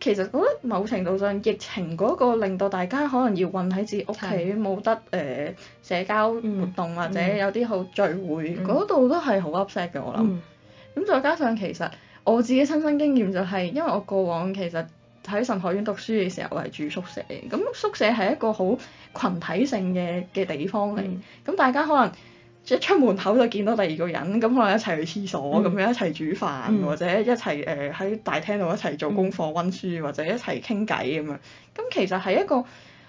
其實我覺得某程度上，疫情嗰個令到大家可能要困喺自己屋企，冇的得誒、呃、社交活動、嗯、或者有啲好聚會嗰度都係好 upset 嘅我諗。咁、嗯、再加上其實我自己親身經驗就係、是，因為我過往其實喺神學院讀書嘅時候，我係住宿舍。咁宿舍係一個好群體性嘅嘅地方嚟，咁、嗯、大家可能。一出門口就見到第二個人，咁可能一齊去廁所咁樣一齊煮飯，嗯、或呃，或者一齊誒喺大廳度一齊做功課温書，或者一齊傾偈咁樣。咁其實係一個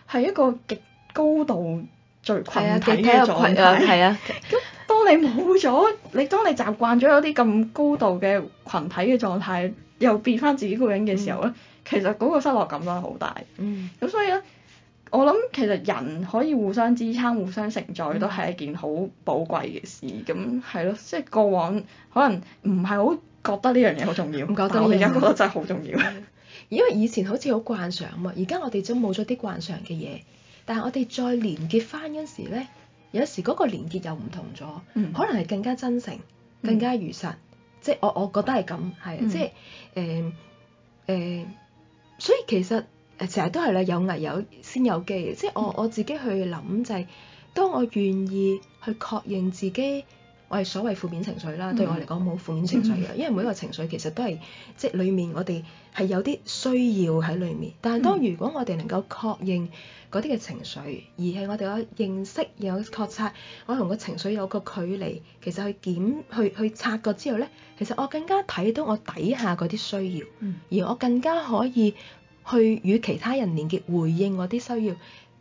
係一個極高度聚群體嘅狀態。係啊，咁、啊、 當你冇咗你，當你習慣咗有啲咁高度嘅群體嘅狀態，又變翻自己一個人嘅時候咧，嗯、其實嗰個失落感都係好大。嗯。咁所以咧。我諗其實人可以互相支撐、互相承載，都係一件好寶貴嘅事。咁係咯，即係過往可能唔係好覺得呢樣嘢好重要。唔覺得呢樣嘢，我而家覺得真係好重要、嗯。因為以前好似好慣常啊嘛，而家我哋都冇咗啲慣常嘅嘢，但係我哋再連結翻嗰時咧，有時嗰個連結又唔同咗，嗯、可能係更加真誠、更加如實。嗯、即係我我覺得係咁，係啊，嗯、即係誒誒，所以其實。誒，成日都係咧，有危有先有機。即係我我自己去諗就係、是，當我願意去確認自己，我係所謂負面情緒啦。對我嚟講冇負面情緒嘅，嗯、因為每一個情緒其實都係即係裡面我哋係有啲需要喺裡面。但係當如果我哋能夠確認嗰啲嘅情緒，嗯、而係我哋可認識，有確察，我同個情緒有個距離，其實去檢去去察覺之後咧，其實我更加睇到我底下嗰啲需要，而我更加可以。去與其他人連結、回應我啲需要，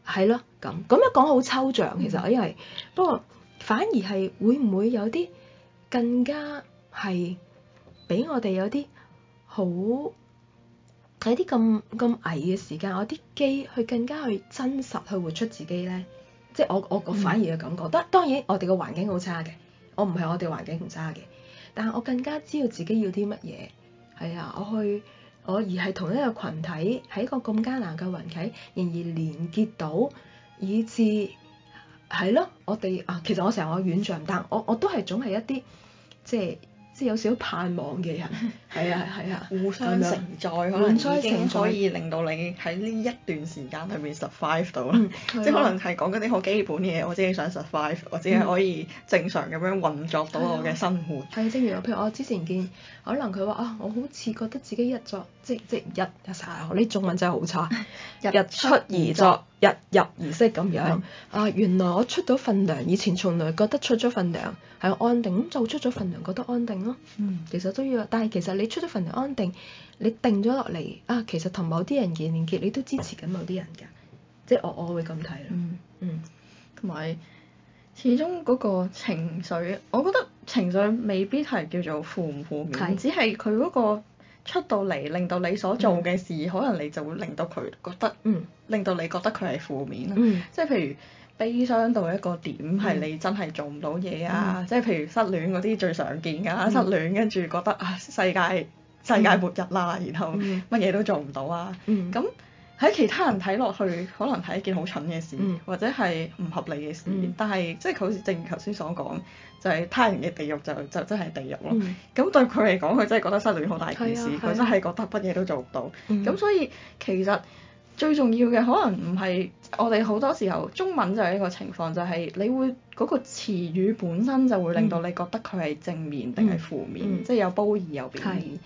係咯咁。咁樣講好抽象，其實因為、嗯、不過反而係會唔會有啲更加係俾我哋有啲好睇啲咁咁矮嘅時間，我啲機去更加去真實去活出自己咧。即係我我個反而嘅感覺，得、嗯、當然我哋個環境好差嘅，我唔係我哋環境唔差嘅，但係我更加知道自己要啲乜嘢係啊，我去。我而係同一個群體喺一個咁艱難嘅環境，仍然而連結到，以致係咯，我哋啊，其實我成日我軟弱，但係我我都係總係一啲即係。即係有少少盼望嘅人，係啊，係啊，互相承載，可能已經可以令到你喺呢一段時間裏面 survive 到。即係可能係講嗰啲好基本嘅嘢，我只係想 survive，我只係可以正常咁樣運作到我嘅生活。係啊，正如譬如我之前見，可能佢話啊，我好似覺得自己日作，即即日日曬，我呢中文真係好差， 日出而作。 日入而息咁樣、嗯、啊！原來我出咗份糧，以前從來覺得出咗份糧係安定，咁就出咗份糧覺得安定咯。嗯，其實都要，但係其實你出咗份糧安定，你定咗落嚟啊！其實同某啲人嘅連結，你都支持緊某啲人㗎。即係我，我會咁睇咯。嗯嗯，同埋始終嗰個情緒，我覺得情緒未必係叫做負唔負面，是只係佢嗰個。出到嚟，令到你所做嘅事，可能你就會令到佢覺得，令到你覺得佢係負面，即係譬如悲傷到一個點，係你真係做唔到嘢啊。即係譬如失戀嗰啲最常見㗎，失戀跟住覺得啊世界世界末日啦，然後乜嘢都做唔到啊。咁喺其他人睇落去，可能係一件好蠢嘅事，嗯、或者係唔合理嘅事。嗯、但係即係佢好似正如頭先所講，就係、是、他人嘅地獄就就真係地獄咯。咁、嗯、對佢嚟講，佢真係覺得失戀好大件事，佢、啊、真係覺得乜嘢都做唔到。咁、嗯、所以其實最重要嘅可能唔係我哋好多時候中文就係一個情況，就係、是、你會嗰、嗰個詞語本身就會令到你覺得佢係正面定係負面，嗯嗯、即係有褒義有貶義。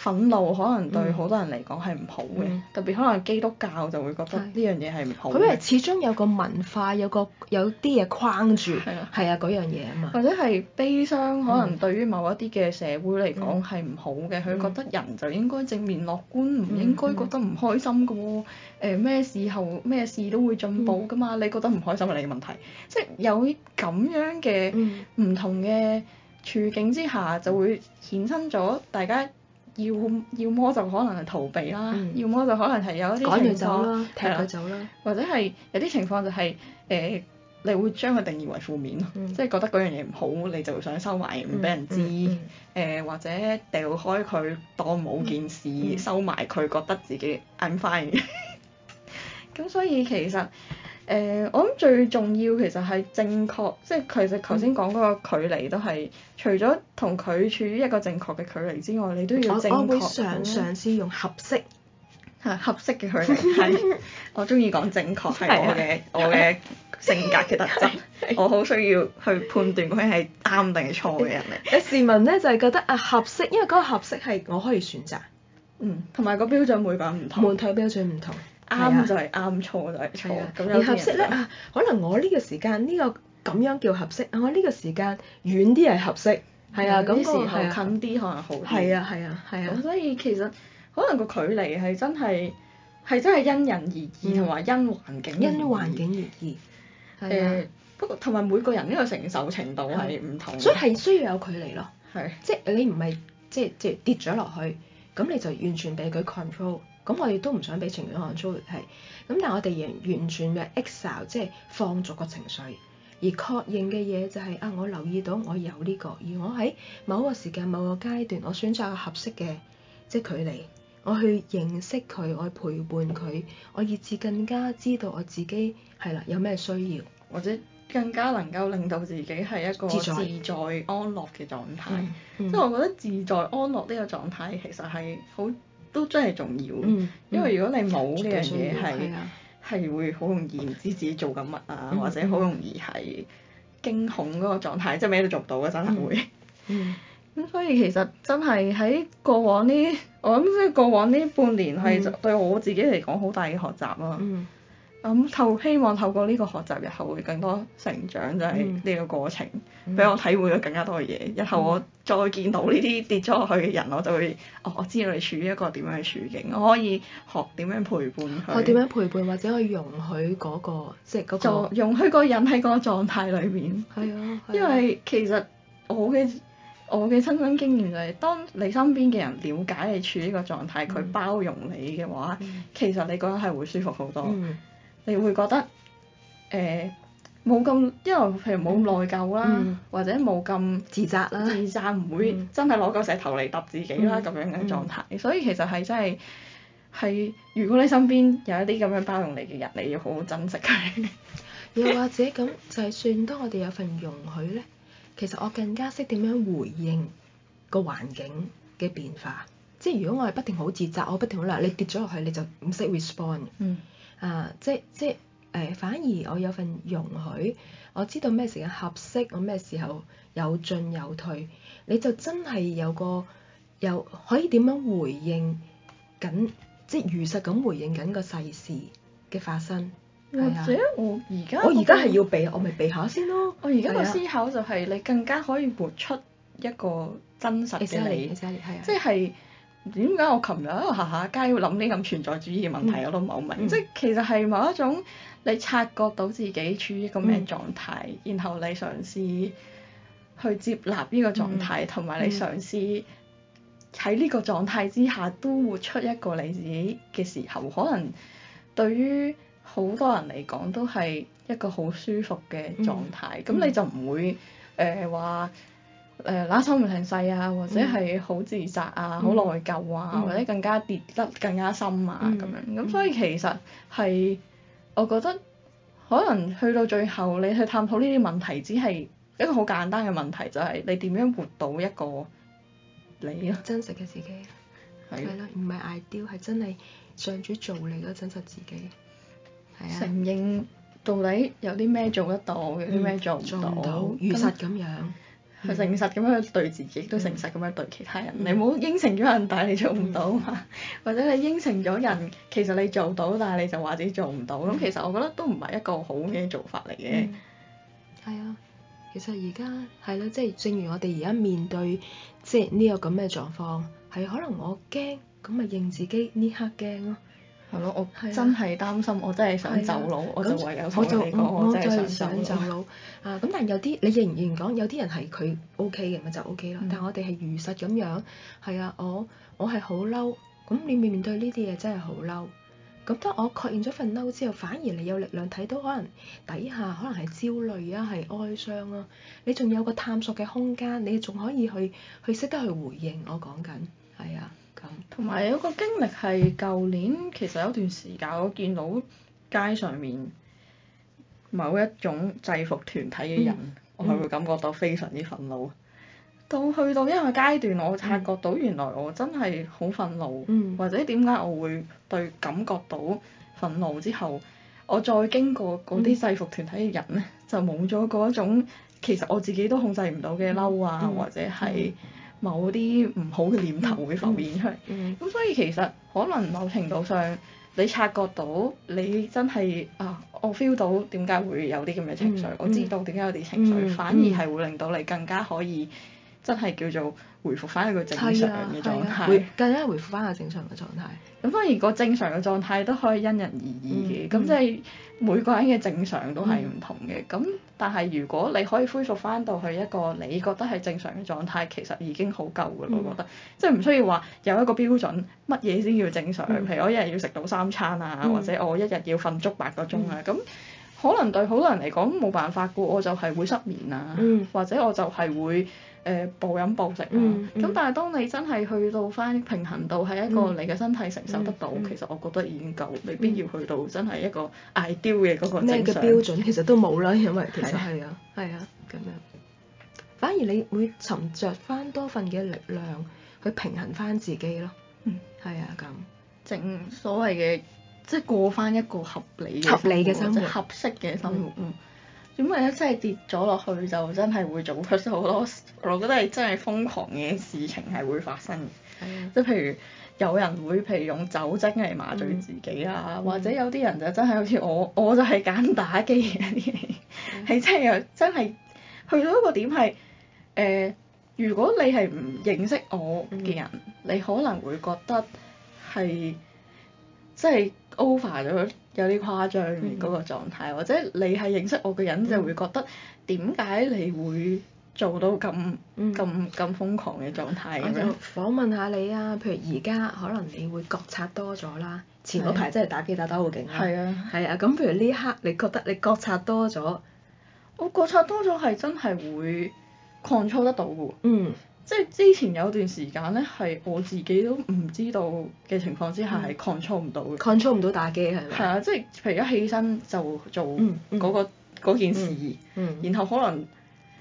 憤怒可能對好多人嚟講係唔好嘅，特別可能基督教就會覺得呢樣嘢係唔好。因為始終有個文化，有個有啲嘢框住，係啊嗰樣嘢啊嘛。或者係悲傷，可能對於某一啲嘅社會嚟講係唔好嘅，佢覺得人就應該正面樂觀，唔應該覺得唔開心㗎喎。誒咩時候咩事都會進步㗎嘛？你覺得唔開心係你嘅問題，即係有咁樣嘅唔同嘅處境之下，就會衍生咗大家。要要麼就可能係逃避啦，嗯、要麼就可能係有一啲情況踢佢走啦，吧走啦或者係有啲情況就係、是、誒、呃，你會將佢定義為負面咯，嗯、即係覺得嗰樣嘢唔好，你就會想收埋唔俾人知，誒、嗯嗯嗯呃、或者掉開佢當冇件事，嗯嗯、收埋佢覺得自己 I'm fine。 咁所以其實。誒，uh, 我諗最重要其實係正確，即係其實頭先講嗰個距離都係，除咗同佢處於一個正確嘅距離之外，你都要正確我。我會嘗試用合適。係 合適嘅距離。 我中意講正確係我嘅 我嘅性格嘅特質， 我好需要去判斷佢人係啱定係錯嘅人嚟。有市民咧就係覺得啊合適，因為嗰個合適係我可以選擇。嗯。同埋個標準每個人唔同。每套標準唔同。啱就係啱，錯就係錯。而合適咧啊，可能我呢個時間呢，這個咁樣叫合適，我呢個時間遠啲係合適，係啊，咁個時候近啲可能好啲。係啊係啊係啊，啊啊啊所以其實可能個距離係真係係真係因人而異，同埋，嗯，因環境。因環境而異。誒，嗯啊呃，不過同埋每個人呢個承受程度係唔同，啊。所以係需要有距離咯。係，啊。即係你唔係即係即係跌咗落去，咁你就完全俾佢 control。咁我哋都唔想俾情感上遭遇係咁，但係我哋完完全嘅 excel 即係放逐個情緒。而確認嘅嘢就係、是、啊，我留意到我有呢、這個，而我喺某個時間某個階段，我選擇個合適嘅即係距離我去認識佢，我去陪伴佢，我以至更加知道我自己係啦有咩需要，或者更加能夠令到自己係一個自在，自在安樂嘅狀態。即係、嗯嗯、我覺得自在安樂呢個狀態其實係好。都真係重要，嗯嗯、因為如果你冇呢樣嘢，係係會好容易唔知自己做緊乜啊，嗯、或者好容易係驚恐嗰個狀態，即係咩都做唔到嘅，真係會。咁、嗯嗯、 所以其實真係喺過往呢，我諗即係過往呢半年係對我自己嚟講好大嘅學習咯。嗯嗯嗯咁透、嗯嗯、希望透過呢個學習，日後會更多成長，就係、是、呢個過程，俾、嗯、我體會咗更加多嘅嘢。嗯、日後我再見到呢啲跌咗落去嘅人，嗯、我就會，哦，我知道你處於一個點樣嘅處境，我可以學點樣陪伴佢。學點樣陪伴或者去容許嗰、那個，即、就、係、是那個。容許嗰個人喺嗰個狀態裏面。係啊、嗯。嗯嗯、因為其實我嘅我嘅親身經驗就係、是，當你身邊嘅人瞭解你處於呢個狀態，佢包容你嘅話，嗯、其實你覺得係會舒服好多、嗯。嗯你會覺得誒冇咁，因為譬如冇咁內疚啦，嗯、或者冇咁自責啦，自責唔、嗯、會真係攞個石頭嚟揼自己啦咁、嗯、樣嘅狀態。嗯、所以其實係真係係，如果你身邊有一啲咁樣包容你嘅人，你要好好珍惜佢。又或者咁， 就係算當我哋有份容許咧，其實我更加識點樣回應個環境嘅變化。即係如果我係不停好自責，我不停好鬧你跌咗落去你就唔識 respond。嗯啊，即即誒、呃，反而我有份容許，我知道咩時間合適，我咩時候有進有退，你就真係有個又可以點樣回應緊，即如實咁回應緊個世事嘅發生。啊、或者我而家我而家係要避，我咪、那個、避下先咯。我而家個思考就係你更加可以活出一個真實嘅你，即係、啊。點解我琴日喺度行下街要諗啲咁存在主義嘅問題？嗯、我都冇問。嗯、即其實係某一種你察覺到自己處於一個咩狀態，嗯、然後你嘗試去接納呢個狀態，同埋、嗯、你嘗試喺呢個狀態之下都活出一個你自己嘅時候，可能對於好多人嚟講都係一個好舒服嘅狀態。咁、嗯、你就唔會誒話。呃誒、呃、拉手唔成世啊，或者係好自責啊，好、嗯、內疚啊，或者更加跌得更加深啊，咁、嗯、樣咁、嗯、所以其實係我覺得可能去到最後，你去探討呢啲問題，只係一個好簡單嘅問題，就係、是、你點樣活到一個你真實嘅自己係咯，唔係 ideal 係真係上主做你嘅真實自己，係啊，承認到底有啲咩做得到，嗯、有啲咩做唔到，做到如實咁樣。去誠實咁樣對自己，都誠實咁樣對其他人。嗯、你冇應承咗人，但係你做唔到嘛？嗯、或者你應承咗人，其實你做到，但係你就話自己做唔到。咁、嗯、其實我覺得都唔係一個好嘅做法嚟嘅。係、嗯、啊，其實而家係咯，即係、啊就是、正如我哋而家面對即係呢個咁嘅狀況，係可能我驚，咁咪認自己呢刻驚咯。係咯，我真係擔心，我真係想走佬，啊、我就唯有同你講，我，就我真係想走佬。 啊，咁但係有啲，你仍然講有啲人係佢 O K 嘅，咪就 O K 咯。嗯、但係我哋係如實咁樣，係啊，我我係好嬲，咁你面面對呢啲嘢真係好嬲。咁當我確認咗份嬲之後，反而你有力量睇到可能底下可能係焦慮啊，係哀傷啊，你仲有個探索嘅空間，你仲可以去去識得去回應我講緊，係啊。同埋有個經歷係舊年，其實有段時間我見到街上面某一種制服團體嘅人，嗯嗯、我係會感覺到非常之憤怒。到去到一個階段，我察覺到原來我真係好憤怒，嗯、或者點解我會對感覺到憤怒之後，我再經過嗰啲制服團體嘅人咧，嗯、就冇咗嗰種其實我自己都控制唔到嘅嬲啊，嗯嗯、或者係。某啲唔好嘅念頭會浮現出嚟，嗯，咁所以其實可能某程度上，嗯，你察覺到你真係啊，我 feel 到點解會有啲咁嘅情緒，嗯，我知道點解有啲情緒，嗯，反而係會令到你更加可以。真係叫做回復翻一個正常嘅狀態，更加回復翻個正常嘅狀態。咁當然個正常嘅狀態都可以因人而異嘅，咁即係每個人嘅正常都係唔同嘅。咁但係如果你可以恢復翻到去一個你覺得係正常嘅狀態，其實已經好夠噶啦。我覺得即係唔需要話有一個標準乜嘢先叫正常，譬如我一日要食到三餐啊，或者我一日要瞓足八個鐘啊。咁可能對好多人嚟講冇辦法噶，我就係會失眠啊，或者我就係會，誒、呃、暴飲暴食啊！咁、嗯嗯、但係當你真係去到翻平衡度係一個你嘅身體承受得到，嗯嗯、其實我覺得已經夠，未必要去到真係一個 ideal 嘅嗰個咩嘅標準其實都冇啦，因為其實係啊，係啊咁、啊、樣。反而你會沉着翻多份嘅力量去平衡翻自己咯。嗯，係啊，咁正所謂嘅即係過翻一個合理合理嘅生活，合適嘅生活。因為真係跌咗落去就真係會做出好多，我覺得係真係瘋狂嘅事情係會發生嘅。即係、嗯、譬如有人會譬如用酒精嚟麻醉自己啊，嗯嗯、或者有啲人就真係好似我，我就係揀打機嘅啲嘢，係、嗯、 真係真係去到一個點係誒、呃，如果你係唔認識我嘅人，嗯、你可能會覺得係真係 over 咗。有啲誇張嘅嗰個狀態，嗯、或者你係認識我嘅人、嗯、就會覺得點解你會做到咁咁咁瘋狂嘅狀態、嗯、我想訪問下你啊，譬如而家可能你會覺察多咗啦，前嗰排真係打機打得好勁啦，係啊的，咁的譬如呢刻你覺得你覺察多咗，我覺察多咗係真係會控制得到嘅。嗯。即係之前有段時間呢，係我自己都唔知道嘅情況之下係 control 唔到嘅。control 唔到打機係咪？係啊，即係譬如一起身就做嗰個嗰件事，然後可能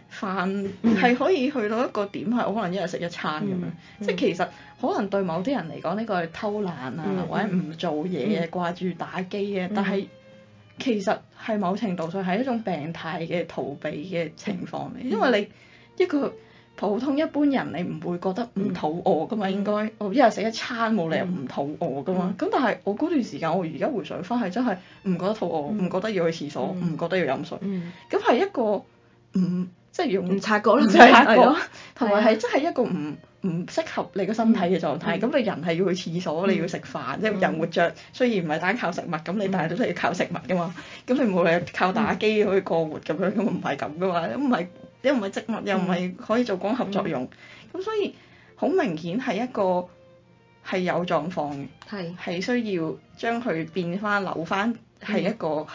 飯係可以去到一個點係，我可能一日食一餐咁樣。即係其實可能對某啲人嚟講，呢個係偷懶啊，或者唔做嘢啊，掛住打機嘅。但係其實係某程度上係一種病態嘅逃避嘅情況嚟，因為你一個。普通一般人你唔會覺得唔肚餓噶嘛，應該我一日食一餐冇理由唔肚餓噶嘛。咁但係我嗰段時間我而家回想翻係真係唔覺得肚餓，唔覺得要去廁所，唔覺得要飲水。咁係一個唔即係用察覺咯，唔察覺。同埋係真係一個唔唔適合你個身體嘅狀態。咁你人係要去廁所，你要食飯，即係人活著雖然唔係單靠食物，咁你但係都係要靠食物噶嘛。咁你冇理由靠打機可以過活咁樣，唔係咁噶嘛，唔係。又唔係植物，又唔係可以做光合作用，咁、嗯、所以好明顯係一個係有狀況嘅，係是需要將佢變翻扭翻係一個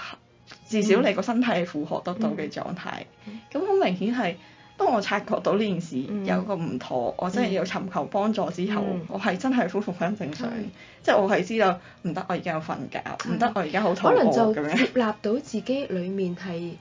至少你個身體負荷得到嘅狀態。咁好、嗯嗯嗯、明顯係當我察覺到呢件事有個唔妥，嗯、我真係要尋求幫助之後，嗯、我係真係恢復翻正常，即係、嗯、我係知道唔得，我而家有瞓覺，唔得、嗯，我而家好肚餓咁、嗯、可能就接納到自己裡面係誒。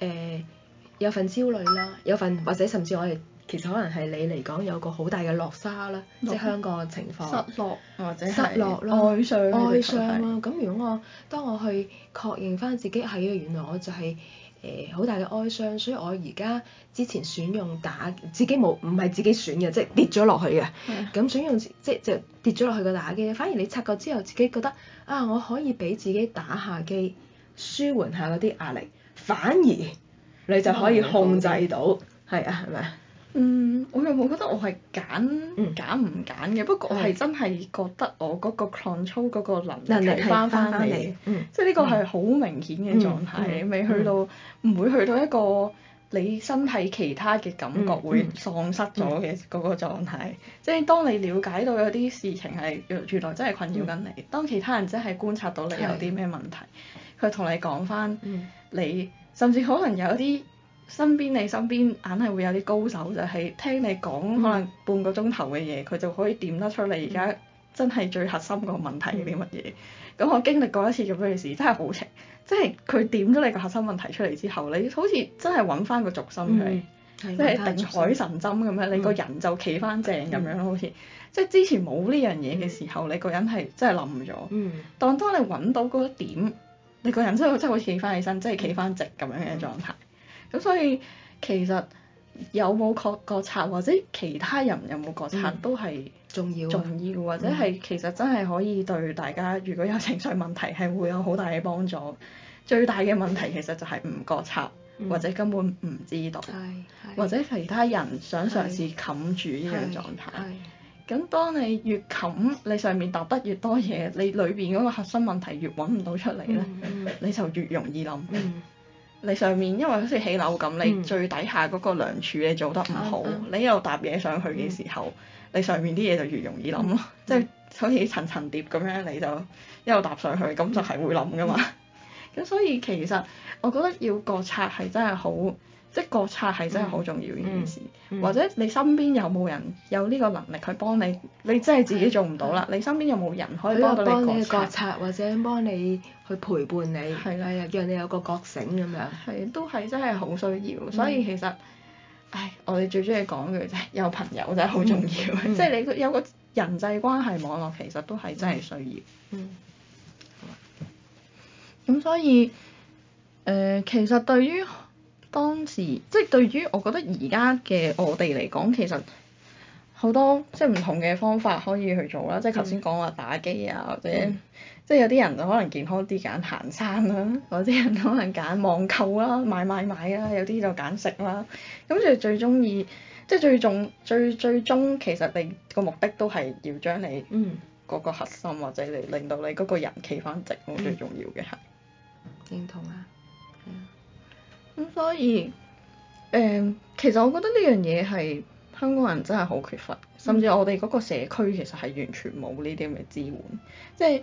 呃 有份焦慮啦，有份或者甚至我哋其實可能係你嚟講有個好大嘅落差啦，落即係香港嘅情況。失落或者失落咯。哀傷上。哀傷咯，咁、啊、如果我當我去確認翻自己係原來我就係誒好大嘅哀傷，所以我而家之前選用打自己冇唔係自己選嘅，即係跌咗落去嘅。咁是的 選用即即跌咗落去個打機，反而你拆過之後，自己覺得啊我可以俾自己打下機舒緩下嗰啲壓力，反而。你就可以控制到，係啊，係咪啊？嗯，我又冇覺得我係揀揀唔揀嘅，不過我係真係覺得我嗰個 control 嗰個能力翻翻嚟，即係呢個係好明顯嘅狀態，未去到唔會去到一個你身體其他嘅感覺會喪失咗嘅嗰個狀態。即係當你了解到有啲事情係原來真係困擾緊你，當其他人真係觀察到你有啲咩問題，佢同你講翻你。甚至可能有啲身邊你身邊硬係會有啲高手，就係、是、聽你講可能半個鐘頭嘅嘢，佢、嗯、就可以點得出你而家真係最核心個問題係啲乜嘢。咁、嗯、我經歷過一次咁嘅事，真係好正，即係佢點咗你個核心問題出嚟之後，你好似真係揾翻個軸心佢，即係、嗯嗯、定海神針咁樣，嗯、你個人就企翻正咁、嗯、樣咯，好似即係之前冇呢樣嘢嘅時候，嗯、你個人係真係冧咗。嗯，當當你揾到嗰一點。你個人真係真係好似企翻起身，即係企翻直咁樣嘅狀態。咁、嗯、所以其實有冇覺覺察，或者其他人有冇覺察，都係重要。重要，啊重要，或者係、嗯、其實真係可以對大家，如果有情緒問題，係會有好大嘅幫助。嗯、最大嘅問題其實就係唔覺察，嗯、或者根本唔知道，嗯、或者其他人想嘗試冚、嗯嗯、住呢樣狀態。嗯嗯嗯咁當你越冚，你上面搭得越多嘢，你裏邊嗰個核心問題越揾唔到出嚟咧，嗯、你就越容易冧。嗯、你上面因為好似起樓咁，嗯、你最底下嗰個梁柱你做得唔好，嗯嗯、你一路搭嘢上去嘅時候，嗯、你上面啲嘢就越容易冧，即係、嗯、 好似層層疊咁樣，你就一路搭上去，咁、嗯、就係會冧㗎嘛。咁、嗯、 所以其實我覺得要覺察係真係好。即係決策係真係好重要嘅件事，嗯嗯、或者你身邊有冇人有呢個能力去幫你，你真係自己做唔到啦。嗯嗯、你身邊有冇人可以幫到你決策，或者幫你去陪伴你，係啦、嗯，讓你有個覺醒咁樣。係、嗯，都、嗯、係真係好需要，所以其實，唉，我哋最中意講嘅就係有朋友真係好重要，即係、嗯嗯嗯、你有個人際關係網絡，其實都係真係需要。嗯。咁、嗯嗯、所以，誒、呃，其實對於當時即係對於我覺得而家嘅我哋嚟講，其實好多即係唔同嘅方法可以去做啦。即係頭先講話打機啊，或者、嗯、即係有啲人就可能健康啲揀行山啦、啊，有啲人可能揀網購啦、啊，買買買啦、啊，有啲就揀食啦、啊。咁最最鍾意即係最重最最終，其實你個目的都係要將你嗰個核心、嗯、或者你令到你嗰個人企翻直，我、嗯、最重要嘅係認同啊。咁所以誒、呃，其實我覺得呢樣嘢係香港人真係好缺乏，甚至我哋嗰個社區其實係完全冇呢啲咁嘅支援，即係。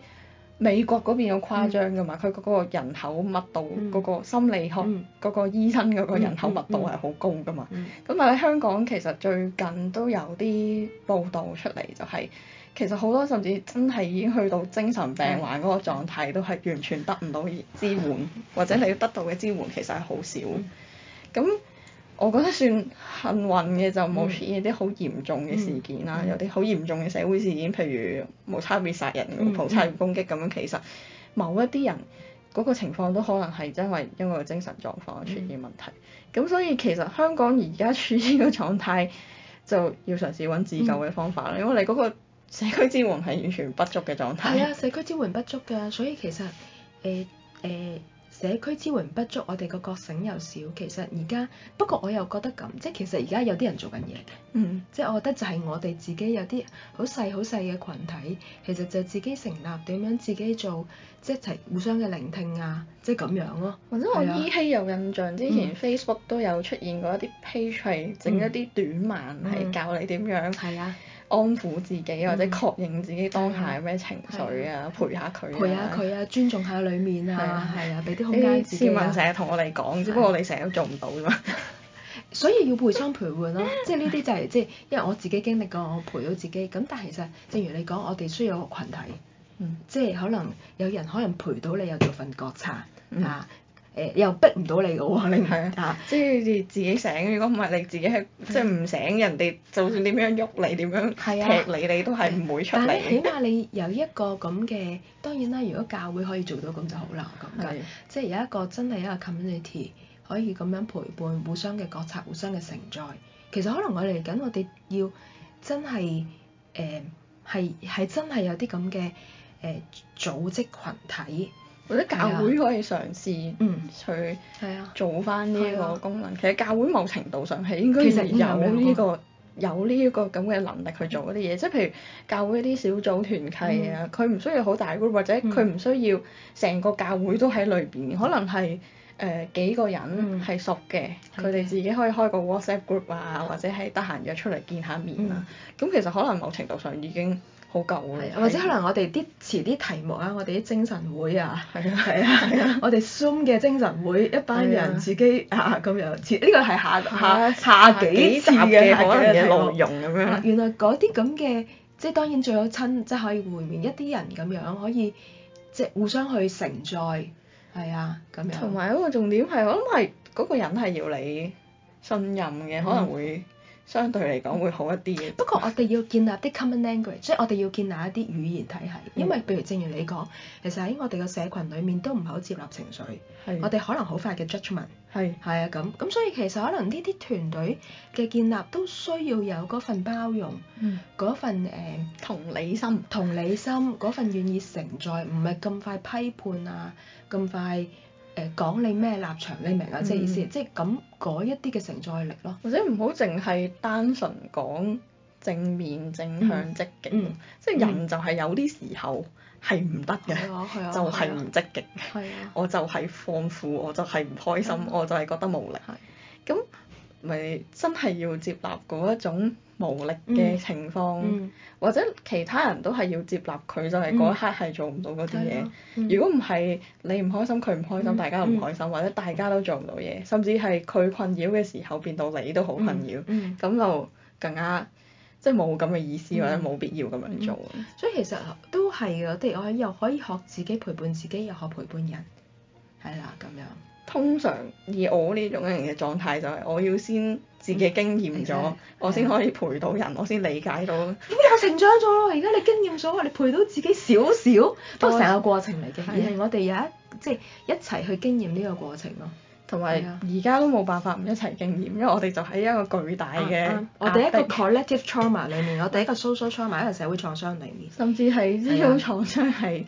美國嗰邊好誇張噶嘛，佢嗰個人口密度嗰、嗯、個心理學嗰、嗯、個醫生嗰個人口密度係好高噶嘛，咁、嗯嗯、但係香港其實最近都有啲報道出嚟、就是，就係其實好多甚至真係已經去到精神病患嗰個狀態，都係完全得唔到支援，嗯、或者你要得到嘅支援其實係好少，咁。我覺得算幸運嘅就冇出現啲好嚴重嘅事件啦，嗯、有啲好嚴重嘅社會事件，譬如無差別殺人、無差別攻擊咁樣。嗯、其實某一啲人嗰、嗰個情況都可能係因為因為個精神狀況出現問題。咁、嗯、所以其實香港而家處於個狀態就要嘗試揾自救嘅方法啦，嗯、因為你嗰個社區支援係完全不足嘅狀態。係啊、嗯，社區支援不足㗎，所以其實誒誒。呃呃社區支援不足，我哋個覺醒又少。其實而家，不過我又覺得咁，即係其實而家有啲人做緊嘢嘅。嗯。即係我覺得就係我哋自己有啲好細好細嘅群體，其實就自己成立點樣自己做，即一齊互相嘅聆聽啊，即係咁樣咯、啊。或者我依稀有印象，之前、嗯嗯、Facebook 都有出現過一啲 page 係整一啲短文係教你點樣。係、嗯嗯、啊。安撫自己或者確認自己當下有咩情緒啊，嗯、陪下佢，陪下佢啊，啊尊重下裡面啊，係啊，俾啲、啊、空間自己、啊。先成日同我哋講，只不過我哋成日都做唔到㗎嘛。所以要陪雙陪換咯， 即係呢啲就係即係，因為我自己經歷過，我陪到自己。咁但係其實正如你講，我哋需要個羣體，嗯、即係可能有人可能陪到你有做份覺察嚇。嗯誒、呃、又逼唔到你噶喎、哦，你唔係啊，即係你自己醒，如果唔係你自己係、嗯、即係唔醒人哋，就算點樣喐你點樣踢你，嗯、你都係唔會出嚟。但係起碼你有一個咁嘅，當然啦，如果教會可以做到咁就好啦，我覺得，即係有一個真係一個 community 可以咁樣陪伴互，互相嘅覺察，互相嘅承載。其實可能我嚟緊，我哋要真係誒係係真係有啲咁嘅誒組織群體。呃或者教會可以嘗試去做翻呢一個功能，其實教會某程度上係應該有呢個有呢個咁嘅能力去做嗰啲嘢，即係譬如教會一啲小組團契啊，佢唔需要好大 group，或者佢唔需要成個教會都喺裏邊，可能係誒幾個人係熟嘅，佢哋自己可以開個 WhatsApp group 啊，或者係得閒約出嚟見下面啊，咁其實可能某程度上已經。好舊啊！的或者可能我哋啲遲啲題目啊，我哋啲精神會啊，係啊，係啊，我哋 Zoom 嘅精神會一班人自己啊咁樣，呢個係下的下下幾次嘅可能嘅內容咁樣。原來嗰啲咁嘅，即係當然最好親，即係可以換面一啲人咁樣，可以即係互相去承載，係啊咁樣。同埋一個重點係，我諗係嗰個人係要你信任嘅，可能會、嗯。相對嚟講會好一啲。 不過我哋要建立啲 common language，即係我哋要建立一啲語言體系。因為譬如正如你講，其實喺我哋個社群裡面都唔係好接納情緒，是我哋可能好快嘅 judgement 是。係。係啊，咁咁所以其實可能呢啲團隊嘅建立都需要有嗰份包容，嗰是份誒、呃、同理心。同理心，嗰份願意承載，唔係咁快批判啊，咁快。誒、呃、講你咩立場，你明啊？即係意思，嗯、即係咁一啲嘅承載力咯。或者唔好淨係單純講正面、正向、積極。嗯、即係人就係有啲時候係唔得嘅，嗯嗯、就係唔積極嘅，嗯嗯、我就係放負，我就係唔開心，嗯、我就係覺得無力。係，嗯、咁、嗯、咪真係要接納嗰一種無力嘅情況，嗯嗯、或者其他人都係要接納佢，就係、是、嗰一刻係做唔到嗰啲嘢。嗯嗯、如果唔係你唔開心，佢唔開心，嗯、大家唔開心，嗯嗯、或者大家都做唔到嘢，甚至係佢困擾嘅時候變到你都好困擾，咁、嗯嗯、就更加即係冇咁嘅意思，嗯、或者冇必要咁樣做、嗯嗯。所以其實都係嘅，我哋我又可以學自己陪伴自己，又學陪伴人，係啦咁樣。通常以我呢種人嘅狀態就係我要先。自己經驗咗，我先可以陪到人，我先理解到。咁又成長咗咯！而家你經驗咗，你陪到自己少少，都成個過程嚟嘅。而係我哋有一即係一齊去經驗呢個過程咯。同埋而家都冇辦法唔一齊經驗，因為我哋就喺一個巨大嘅，我哋一個 collective trauma 裡面，我哋一個 social trauma，一個社會創傷裡面。甚至係呢種創傷係。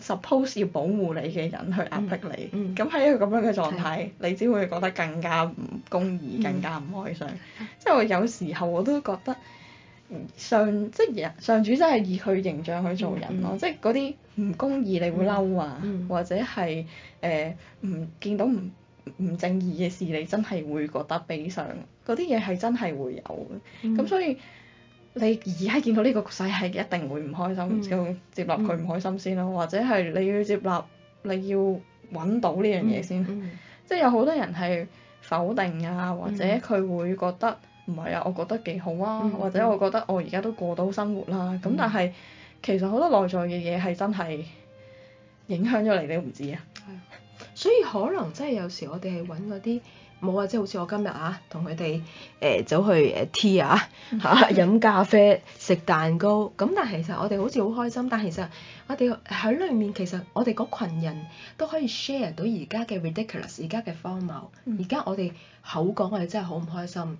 Suppose 要保護你嘅人去壓迫你，咁喺、嗯嗯、一個咁樣嘅狀態，的你只會覺得更加唔公義，嗯、更加唔開心。嗯、即係我有時候我都覺得上即係上主真係以佢形象去做人咯，即係嗰啲唔公義你會嬲啊，嗯嗯、或者係誒唔見到唔唔正義嘅事，你真係會覺得悲傷。嗰啲嘢係真係會有嘅，咁、嗯嗯、所以。你而家見到呢個勢係，一定會唔開心，嗯、要接納佢唔開心先咯，嗯、或者係你要接納，你要揾到呢樣嘢先。嗯嗯、即係有好多人係否定啊，或者佢會覺得唔係、嗯、啊，我覺得幾好啊，嗯、或者我覺得我而家都過到生活啦。咁、嗯、但係其實好多內在嘅嘢係真係影響咗你，你都唔知啊。所以可能真係有時我哋係揾嗰啲。冇啊！即係好似我今日啊，同佢哋誒走去誒、呃、tea 啊，嚇飲咖啡食蛋糕咁，嗯、但係其實我哋好似好開心，但係其實我哋喺裏面其實我哋群人都可以 share 到而家嘅 ridiculous，而家嘅荒謬、嗯，而家我哋口講我哋真係好唔開心，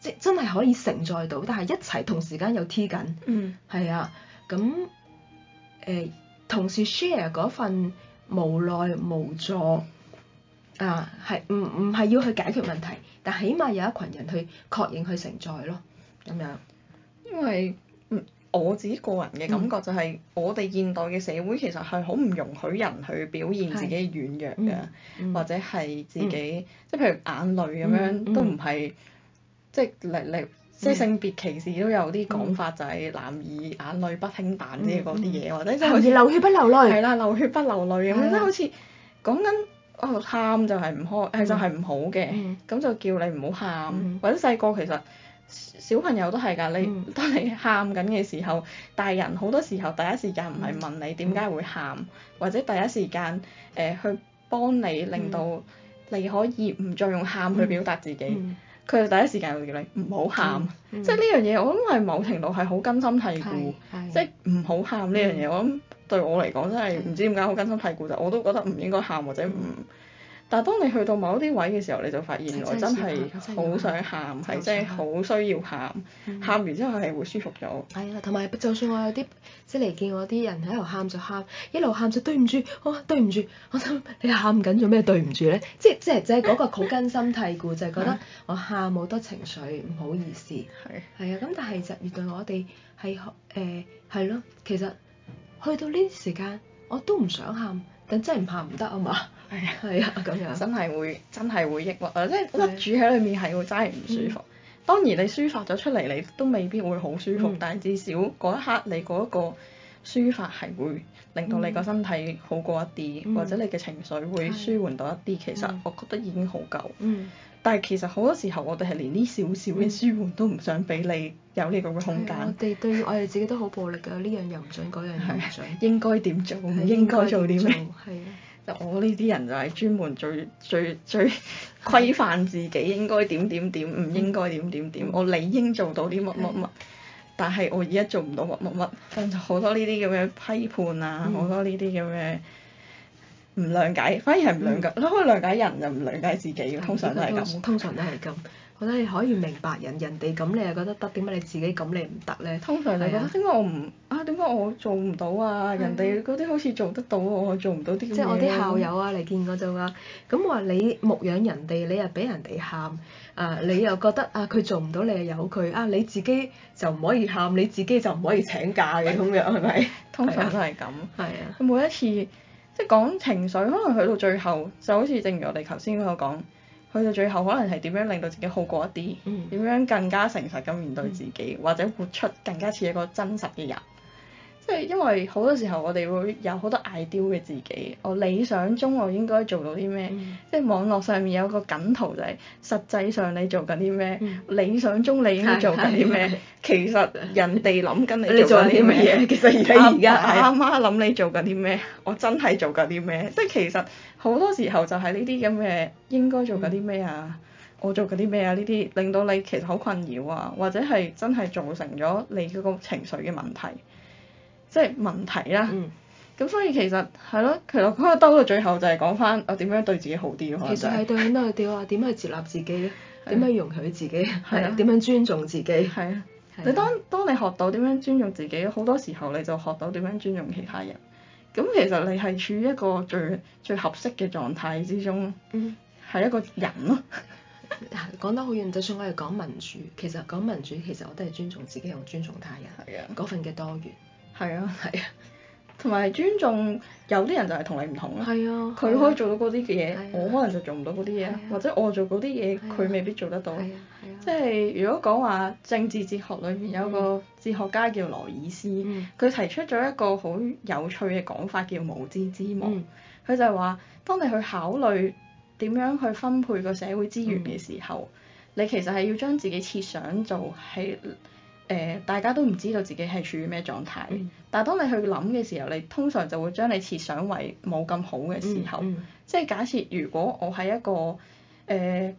即真係可以承載到，但係一齊同時間又 tea 緊，嗯，係啊，咁誒、呃、同時 share 嗰份無奈無助。啊，係唔唔係要去解決問題？但起碼有一群人去確認去承載咯，咁樣。因為我自己個人嘅感覺就係，我哋現代嘅社會其實係好唔容許人去表現自己軟弱㗎，或者係自己，即係譬如眼淚咁樣都唔係，即係力力即係性別歧視都有啲講法，就係男兒眼淚不輕彈啲嗰啲嘢，或者就好似流血不流淚，係啦，流血不流淚咁樣，即好似講緊。哦，喊就係唔開，誒就係唔好嘅，咁就叫你唔好喊。或者細個其實小朋友都係㗎，你當你喊緊嘅時候，大人好多時候第一時間唔係問你點解會喊，或者第一時間誒去幫你令到你可以唔再用喊去表達自己，佢就第一時間會叫你唔好喊。即係呢樣嘢，我諗係某程度係好根深蒂固，即係唔好喊呢樣嘢，我諗。對我嚟講真係唔知點解好根深蒂固，就我都覺得唔應該喊或者唔，但係當你去到某啲位嘅時候，你就發現原來真係好想喊，係即係好需要喊，喊、嗯、完之後係會舒服咗。係啊，同埋就算我有啲即係嚟見我啲人喺度喊就喊，一路喊就對唔住啊，對唔住，我就，你喊緊做咩對唔住咧？即係即係即係嗰個好根深蒂固就係、是、覺得我喊冇多情緒，唔好意思係啊，咁的但係就面對我哋係誒係咯，其實。去到呢啲時間，我都唔想喊，但真係唔喊唔得啊嘛。係 啊，係啊，咁樣真係會真係會抑鬱啊，即係屈住喺裏面係會真係唔舒服。嗯、當然你抒發咗出嚟，你都未必會好舒服，嗯、但係至少嗰一刻你嗰一個抒發係會令到你個身體好過一啲，嗯、或者你嘅情緒會舒緩到一啲。嗯、其實我覺得已經好夠。嗯但係其實好多時候，我哋係連呢少少嘅舒緩都唔想俾你有呢個嘅空間。我哋對我哋自己都好暴力㗎，呢 樣又唔准，嗰樣又唔准。的准應該點做，唔的應該做啲咩。係啊的，就 我呢啲人就係專門最最最，最規範自己的應該點點點，唔應該點點點。我理應做到啲乜乜乜，的但係我而家做唔到乜乜乜，好多呢啲咁嘅批判啊，好多呢啲咁嘅。唔諒解，反而係唔諒解。你、嗯、可以諒解人就唔諒解自己嘅，通常都係咁、嗯嗯。通常都係咁。 我覺得你可以明白人，人哋咁你又覺得得，點解你自己咁你唔得咧？通常你覺得點解我唔啊？點解我做唔到啊？啊人哋嗰啲好似做得到，我做唔到啲、啊、即係我啲校友啊嚟見過我就話：咁我話你牧養人哋，你又俾人哋喊啊！你又覺得啊，佢做唔到你又由佢啊，你自己就唔可以喊，你自己就唔可以請假嘅咁樣係咪？ 通常 都係咁。係啊。每一次。即係講情緒可能去到最後，就好似正如我哋頭先所講，去到最後可能係點樣令到自己好過一啲，嗯、點樣更加誠實咁面對自己，嗯、或者活出更加似一個真實嘅人。即係因為好多時候我哋會有好多 ideal 嘅自己，我理想中我應該做到啲咩？即係網絡上面有個梗圖就係，實際上你做緊啲咩？理想中你應該做緊啲咩？其實人哋諗緊你做緊啲咩嘢？其實而你而家阿媽諗你做緊啲咩？我真係做緊啲咩？即係其實好多時候就係呢啲咁嘅應該做緊啲咩啊？我做緊啲咩啊？呢啲令到你其實好困擾啊，或者係真係造成咗你嗰個情緒嘅問題。即係問題啦，咁、嗯啊、所以其實係咯，其實嗰個兜到最後就係講翻我點樣對自己好啲咯。其實係對唔對啲啊？點樣去 接納自己？點去、啊、容許自己？係啊，點、啊、樣尊重自己？係啊，你當、啊、當你學到點樣尊重自己，好多時候你就學到點樣尊重其他人。咁、嗯、其實你係處於一個最最合適嘅狀態之中，係、嗯、一個人咯、啊。講 得好遠，就算我係講民主，其實講民主，其實我都係尊重自己同尊重他人，係啊，嗰份嘅多元。係啊係啊，同埋、啊、尊重有啲人就係同你唔同啦。係啊，佢、啊、可以做到嗰啲嘅嘢，啊、我可能就做唔到嗰啲嘢，啊、或者我做嗰啲嘢，佢、啊、未必做得到。啊啊、即係如果講話政治哲學裏面、嗯、有個哲學家叫羅爾斯，佢、嗯、提出咗一個好有趣嘅講法叫無知之幕。佢、嗯、就係話，當你去考慮點樣去分配個社會資源嘅時候，你、嗯、其實係要將自己設想做喺。誒、呃，大家都唔知道自己係處於咩狀態，嗯、但係當你去諗嘅時候，你通常就會將你設想為冇咁好嘅時候。嗯嗯、即係假設如果我係一個誒、呃，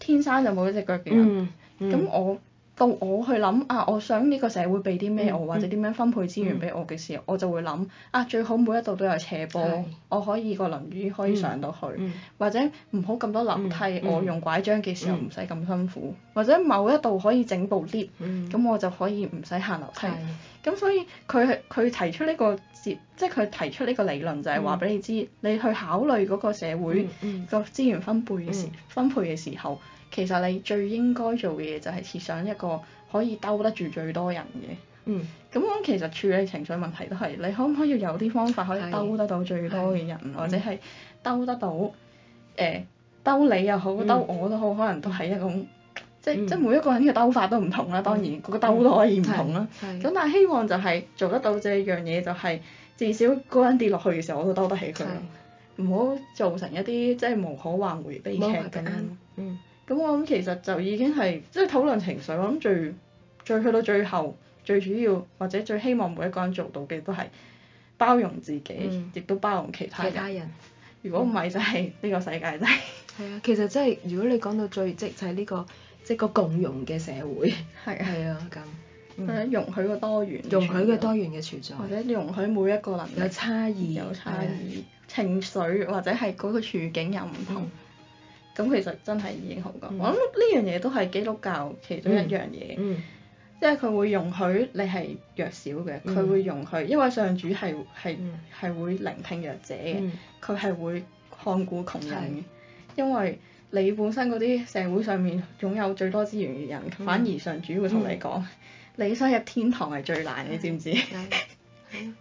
天生就冇一隻腳嘅人，咁、嗯嗯、我。到我去諗啊，我想呢個社會俾啲咩我，或者點樣分配資源俾我嘅時候，我就會諗啊，最好每一度都有斜坡，我可以個輪椅可以上到去，或者唔好咁多樓梯，我用拐杖嘅時候唔使咁辛苦，或者某一度可以整部 lift，咁我就可以唔使行樓梯。咁所以佢佢提出呢個節，即係佢提出呢個理論就係話俾你知，你去考慮嗰個社會個資源分配嘅時分配嘅時候。其實你最應該做嘅嘢就係設想一個可以兜得住最多人嘅。嗯。咁我其實處理情緒問題都係，你可唔可以有啲方法可以兜得到最多嘅人，或者係兜得到誒兜、呃、你又好，兜我都好，嗯、可能都係一種即、嗯、即每一個人嘅兜法都唔同啦。當然、嗯、個兜都可以唔同啦。係、嗯。咁、嗯、但係希望就係做得到這樣嘢，就係、是、至少個人跌落去嘅時候，我都兜得起佢，唔好造成一啲即係無可挽回悲劇咁樣。嗯。嗯。咁我諗其實就已經係即係討論情緒，我諗最最去到最後最主要或者最希望每一個人做到嘅都係包容自己，亦、嗯、都包容其他人。其他人。如果唔係就係呢個世界真係。係啊，其實真、就、係、係、如果你講到最就係呢、呢個即係個共融嘅社會。係啊。係、嗯、啊，咁。或者容許個多元。容許嘅多元嘅存在。存在或者容許每一個人。嘅差異，有差異。差異啊、情緒或者係嗰個處境有唔同。咁其實真係已經好噶，我諗呢樣嘢都係基督教其中一樣嘢，即係佢會容許你係弱小嘅，佢會容許，因為上主係係係會聆聽弱者嘅，佢係會看顧窮人嘅，因為你本身嗰啲社會上面擁有最多資源嘅人，反而上主會同你講，你想入天堂係最難嘅，你知唔知？係咯，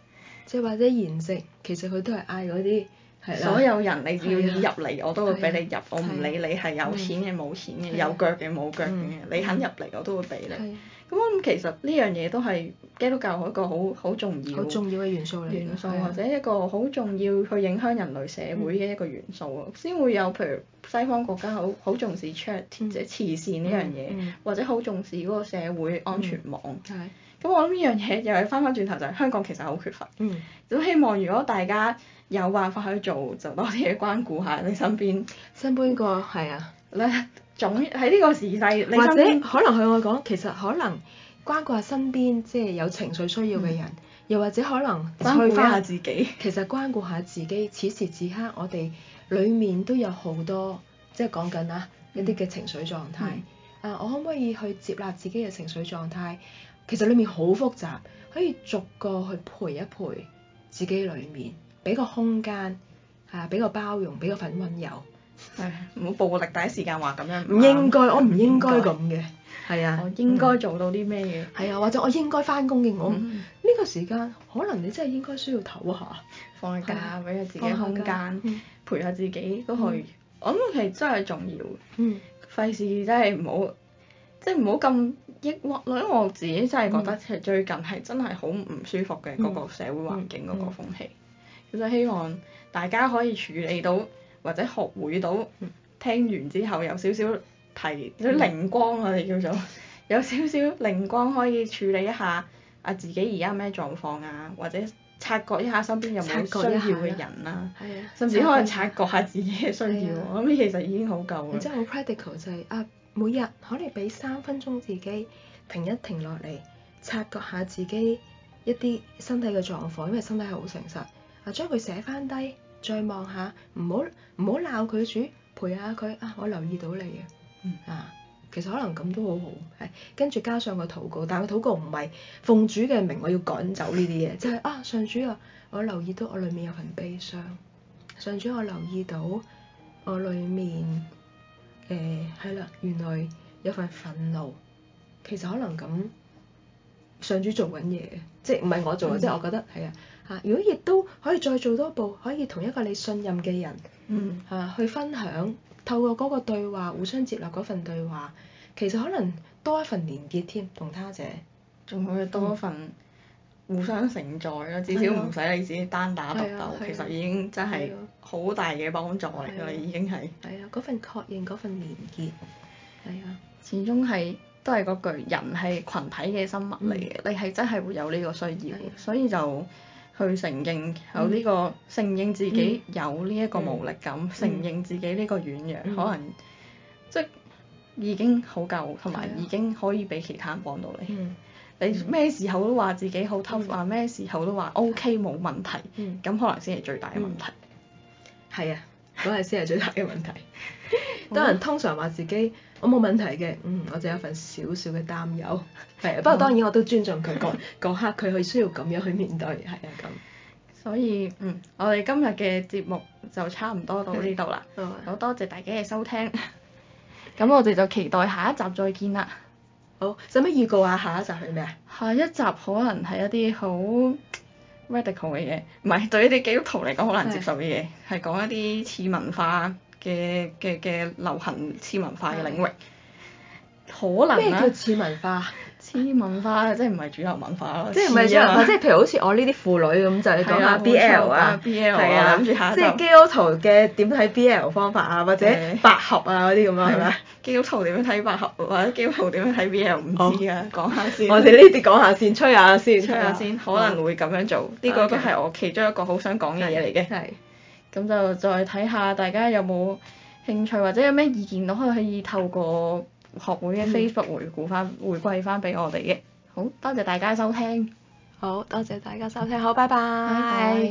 即係或者言食，其實佢都係嗌嗰啲。所有人，你只要入嚟，我都會俾你入。我唔理你係有錢嘅、冇錢嘅、嗯、有腳嘅、冇腳嘅，嗯、你肯入嚟，我都會俾你。嗯咁其實呢樣嘢都係基督教一個好好重要、好重要嘅元素嚟，元素或者一個好重要去影響人類社會嘅一個元素啊。先、嗯、會有譬如西方國家好好重視 charity 即慈善呢樣嘢，嗯、或者好重視嗰個社會安全網。咁我諗呢樣嘢又係翻翻轉頭就係、是、香港其實好缺乏。咁、嗯、希望如果大家有辦法去做，就多啲嘢關顧下你身邊身邊個係啊咧。 總喺呢個時勢，或者，或者可能向我講，其實可能關顧下身邊即係有情緒需要嘅人，嗯、又或者可能關顧下自己。其實關顧下自己，此時此刻我哋裡面都有好多，即係講緊啊一啲嘅情緒狀態。嗯嗯、啊，我可唔可以去接納自己嘅情緒狀態？其實裡面好複雜，可以逐個去陪一陪自己裡面，俾個空間，啊俾個包容，俾個份温柔。嗯係唔好暴力，第一時間話咁樣唔應該，說我唔應該咁嘅。係 啊，我應該做到啲咩嘢？係啊，或者我應該翻工嘅我呢、呢個時間，可能你真係應該需要唞下，放下假，俾下自己空間，陪下自己都可、嗯、我諗係真係重要。嗯，費事真係唔好，即係唔好咁抑鬱咯。因為我自己真係覺得係最近係真係好唔舒服嘅嗰、嗰個社會環境，嗰個風氣。咁就、嗯嗯嗯嗯、希望大家可以處理到。或者學會到，聽完之後有少少提啲靈光，我哋叫做有少少靈光，可以處理一下啊自己而家咩狀況啊，或者察覺一下身邊有冇需要嘅人啊，甚至可能察覺，下，察覺下自己嘅需要、啊，咁、啊、其實已經好夠啦。然之後好 practical 就係啊，就係就係、每日可以俾三分鐘自己停一停落嚟，察覺下自己一啲身體嘅狀況，因為身體係好誠實啊，將佢寫翻低。再望下，唔好唔好鬧佢主，陪下佢啊！我留意到你啊，嗯、啊，其實可能咁都好好，係跟住加上個禱告，但係個禱告唔係奉主嘅名，我要趕走呢啲嘢，就係、是、啊，上主啊，我留意到我裏面有份悲傷，上主，我留意到我裏面誒係啦，原來有份憤怒，其實可能咁上主做緊嘢。即唔係我做嘅，即係、嗯、我覺得係啊嚇，嗯、如果亦都可以再做多步，可以同一個你信任嘅人嚇、嗯、去分享，透過嗰個對話，互相接納嗰份對話，其實可能多一份連結添，同他者，仲可以多一份、嗯、互相承載咯。至少唔使你自己單打獨鬥，啊啊、其實已經真係好大嘅幫助嚟㗎啦，啊、你已經係。係啊，嗰份確認，嗰份連結，係啊，始終係。都係嗰句，人係群體嘅生物嚟嘅，你係真係會有呢個需要，對 所以就去承認有呢、這個、嗯、承認自己有呢一個無力感，嗯、承認自己呢個軟弱，嗯、可能即、就是、已經好夠，同埋已經可以俾其他人幫到你。對 你咩時候都話自己好 tough，o 話咩時候都話 OK 冇問題，咁、嗯、可能先係最大嘅問題。係啊、嗯，嗰係先係最大嘅問題。 多人通常話自己。我冇問題嘅，嗯，我就有份少少嘅擔憂，係啊， 不過當然我都尊重佢嗰嗰刻佢去需要咁樣去面對，係啊咁。所以嗯，我哋今日嘅節目就差唔多到呢度啦，好多謝大家嘅收聽，咁 我哋就期待下一集再見啦。好，使乜使預告下下一集係咩？下一集可能係一啲好 radical 嘅嘢，唔係對於啲基督徒嚟講好難接受嘅嘢，係 講一啲次文化。嘅嘅嘅流行次文化嘅領域，可能啦。咩叫次文化？次文化即係唔係主流文化咯。即唔係主流，即係譬如好似我呢啲婦女咁，就係講下 BL 啊，BL 係啊，諗住下。即基督徒嘅點睇 BL 方法啊，或者百合啊嗰啲咁樣，係咪？基督徒點樣睇百合，或者基督徒點樣睇 BL？唔知啊，講下先。我哋呢啲講下先，吹下先。吹下先，可能會咁樣做。呢個都係我其中一個好想講嘅嘢嚟嘅。係。咁就再睇下大家有冇興趣，或者有咩意見都可以透過學會嘅 Facebook 回顧翻，回饋翻俾我哋嘅。好多謝大家收聽，好多謝大家收聽，好，拜拜。